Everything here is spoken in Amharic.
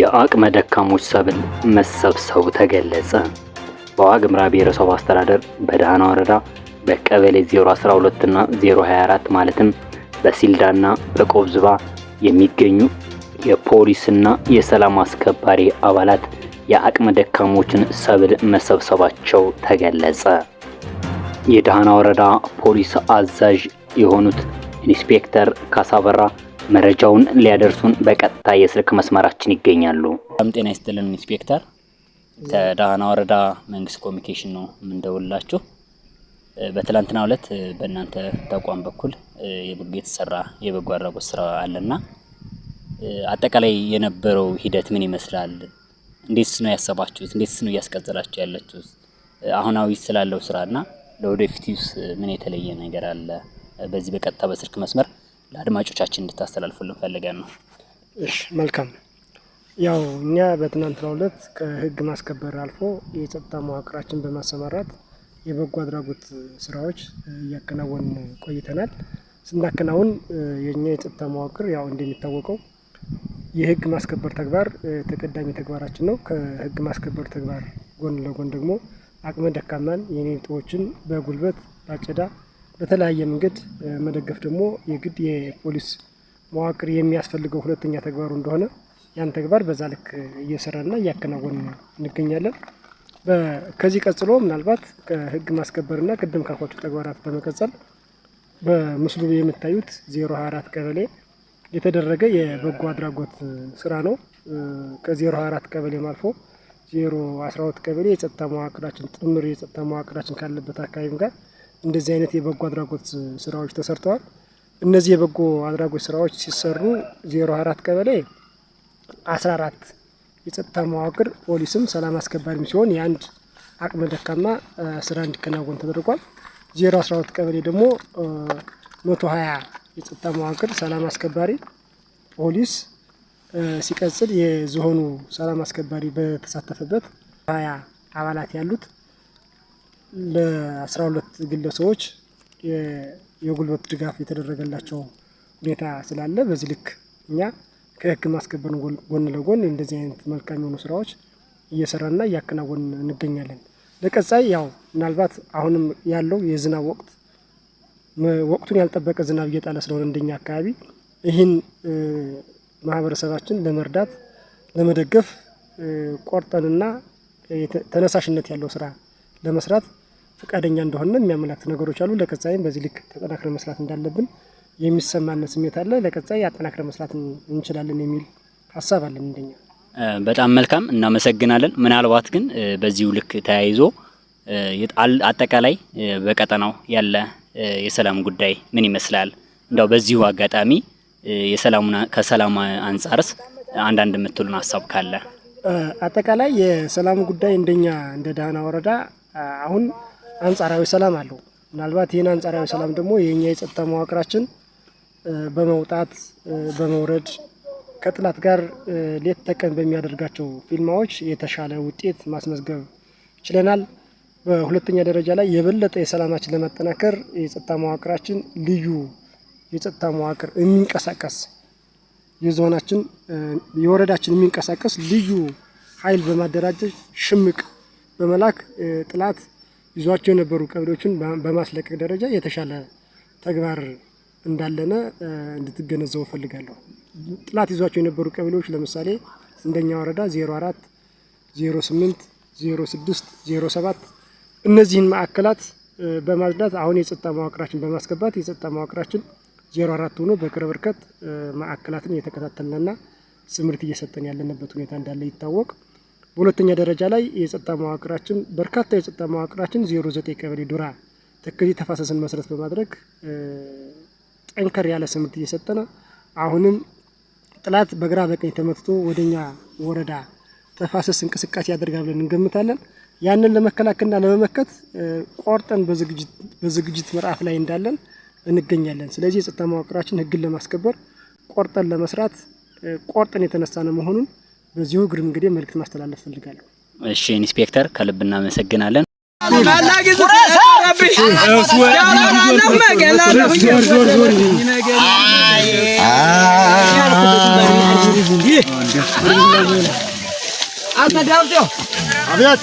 የአቅመ ደካሞች ሰብል መሰብሰቡ ተገለጸ። በዋግምራ ብሔረሰብ አስተዳደር በደህና ወረዳ በቀበሌ 012 እና 024 ማለትም በሲልዳና በቆብዝባ የሚገኙ የፖሊስና የሰላም አስከባሪ አባላት የአቅመ ደካሞችን ሰብል መሰብሰባቸው ተገለጸ። የደህና ወረዳ ፖሊስ አዛዥ የሆኑት ኢንስፔክተር ካሳበራ መረጃውን ሊያደርሱን በቀጥታ የስልክ መስመራችን ይገኛሉ። ም ጤና ይስጥልን ኢንስፔክተር ከዳህና ወረዳ መንግስት ኮሚኒኬሽን ነው የምንደውላችሁ። በትላንትና ዕለት በእናንተ ተቋም በኩል የተሰራ የበጎ አድራጎት ስራ አለና አጠቃላይ የነበረው ሂደት ምን ይመስላል? እንዴትስ ነው ያሰባችሁት? እንዴትስ ነው እያስቀጠላችሁ ያለችሁት? አሁናዊ ስላለው ስራና ለወደፊትስ ምን የተለየ ነገር አለ? በዚህ በቀጥታ በስልክ መስመር ለአድማጮቻችን እንድታስተላልፉልን ፈልገን ነው። እሺ መልካም። ያው እኛ በትናንትናው ዕለት ከህግ ማስከበር አልፎ የጸጥታ መዋቅራችን በማሰማራት የበጎ አድራጎት ስራዎች እያከናወን ቆይተናል። ስናከናውን የኛ የጸጥታ መዋቅር ያው እንደሚታወቀው የህግ ማስከበር ተግባር ተቀዳሚ ተግባራችን ነው። ከህግ ማስከበር ተግባር ጎን ለጎን ደግሞ አቅመ ደካማን የኔ ጥዎችን በጉልበት ባጨዳ በተለያየ መንገድ መደገፍ ደግሞ የግድ የፖሊስ መዋቅር የሚያስፈልገው ሁለተኛ ተግባሩ እንደሆነ ያን ተግባር በዛ ልክ እየሰራና እያከናወን እንገኛለን። ከዚህ ቀጥሎ ምናልባት ከህግ ማስከበርና ቅድም ካልኳቸው ተግባራት በመቀጠል በምስሉ የምታዩት 024 ቀበሌ የተደረገ የበጎ አድራጎት ስራ ነው። ከ ከ024 ቀበሌ ማልፎ 012 ቀበሌ የጸጥታ መዋቅራችን ጥምር የጸጥታ መዋቅራችን ካለበት አካባቢም ጋር እንደዚህ አይነት የበጎ አድራጎት ስራዎች ተሰርተዋል። እነዚህ የበጎ አድራጎት ስራዎች ሲሰሩ ዜሮ አራት ቀበሌ አስራ አራት የጸጥታ መዋቅር ፖሊስም ሰላም አስከባሪም ሲሆን የአንድ አቅመ ደካማ ስራ እንዲከናወን ተደርጓል። ዜሮ አስራ ሁለት ቀበሌ ደግሞ መቶ ሀያ የጸጥታ መዋቅር ሰላም አስከባሪ ፖሊስ ሲቀጽል የዝሆኑ ሰላም አስከባሪ በተሳተፈበት ሀያ አባላት ያሉት ለአስራ ሁለት ግለሰቦች የጉልበት ድጋፍ የተደረገላቸው ሁኔታ ስላለ በዚህ ልክ እኛ ከህግ ማስከበር ጎን ለጎን እንደዚህ አይነት መልካም የሆኑ ስራዎች እየሰራና እያከናወን እንገኛለን። ለቀጻይ ያው ምናልባት አሁንም ያለው የዝናብ ወቅት ወቅቱን ያልጠበቀ ዝናብ እየጣለ ስለሆነ እንደኛ አካባቢ ይህን ማህበረሰባችን ለመርዳት ለመደገፍ ቆርጠንና ተነሳሽነት ያለው ስራ ለመስራት ፈቃደኛ እንደሆነ የሚያመላክት ነገሮች አሉ። ለቀጻይም በዚህ ልክ ተጠናክረ መስራት እንዳለብን የሚሰማነ ስሜት አለ። ለቀጻይ አጠናክረን መስራት እንችላለን የሚል ሀሳብ አለን እንደኛ። በጣም መልካም እናመሰግናለን። ምናልባት ግን በዚሁ ልክ ተያይዞ አጠቃላይ በቀጠናው ያለ የሰላም ጉዳይ ምን ይመስላል? እንደው በዚሁ አጋጣሚ ከሰላም አንጻርስ አንዳንድ የምትሉን ሀሳብ ካለ። አጠቃላይ የሰላም ጉዳይ እንደኛ እንደ ዳህና ወረዳ አሁን አንጻራዊ ሰላም አለው። ምናልባት ይህን አንጻራዊ ሰላም ደግሞ የእኛ የጸጥታ መዋቅራችን በመውጣት በመውረድ ከጥላት ጋር ሌት ተቀን በሚያደርጋቸው ፊልማዎች የተሻለ ውጤት ማስመዝገብ ችለናል። በሁለተኛ ደረጃ ላይ የበለጠ የሰላማችን ለማጠናከር የጸጥታ መዋቅራችን ልዩ የጸጥታ መዋቅር የሚንቀሳቀስ የዞናችን የወረዳችን የሚንቀሳቀስ ልዩ ኃይል በማደራጀት ሽምቅ በመላክ ጥላት ይዟቸው የነበሩ ቀበሌዎችን በማስለቀቅ ደረጃ የተሻለ ተግባር እንዳለነ እንድትገነዘቡ ፈልጋለሁ። ጥላት ይዟቸው የነበሩ ቀበሌዎች ለምሳሌ እንደኛ ወረዳ 04፣ 08፣ 06፣ 07 እነዚህን ማዕከላት በማጽዳት አሁን የጸጥታ መዋቅራችን በማስገባት የጸጥታ መዋቅራችን 04 ሆኖ በቅርብ ርቀት ማዕከላትን እየተከታተልንና ስምርት እየሰጠን ያለንበት ሁኔታ እንዳለ ይታወቅ በሁለተኛ ደረጃ ላይ የጸጥታ መዋቅራችን በርካታ የጸጥታ መዋቅራችን ዜሮ ዘጠኝ ቀበሌ ዱራ ተከዜ ተፋሰስን መሰረት በማድረግ ጠንከር ያለ ስምርት እየሰጠነ አሁንም ጥላት በግራ በቀኝ ተመትቶ ወደኛ ወረዳ ተፋሰስ እንቅስቃሴ ያደርጋል ብለን እንገምታለን። ያንን ለመከላከልና ለመመከት ቆርጠን በዝግጅት ምዕራፍ ላይ እንዳለን እንገኛለን። ስለዚህ የጸጥታ መዋቅራችን ህግን ለማስከበር ቆርጠን ለመስራት ቆርጠን የተነሳነ መሆኑን በዚሁ እግር እንግዲህ መልእክት ማስተላለፍ ፈልጋለሁ። እሺ ኢንስፔክተር ከልብ እናመሰግናለን። አቤት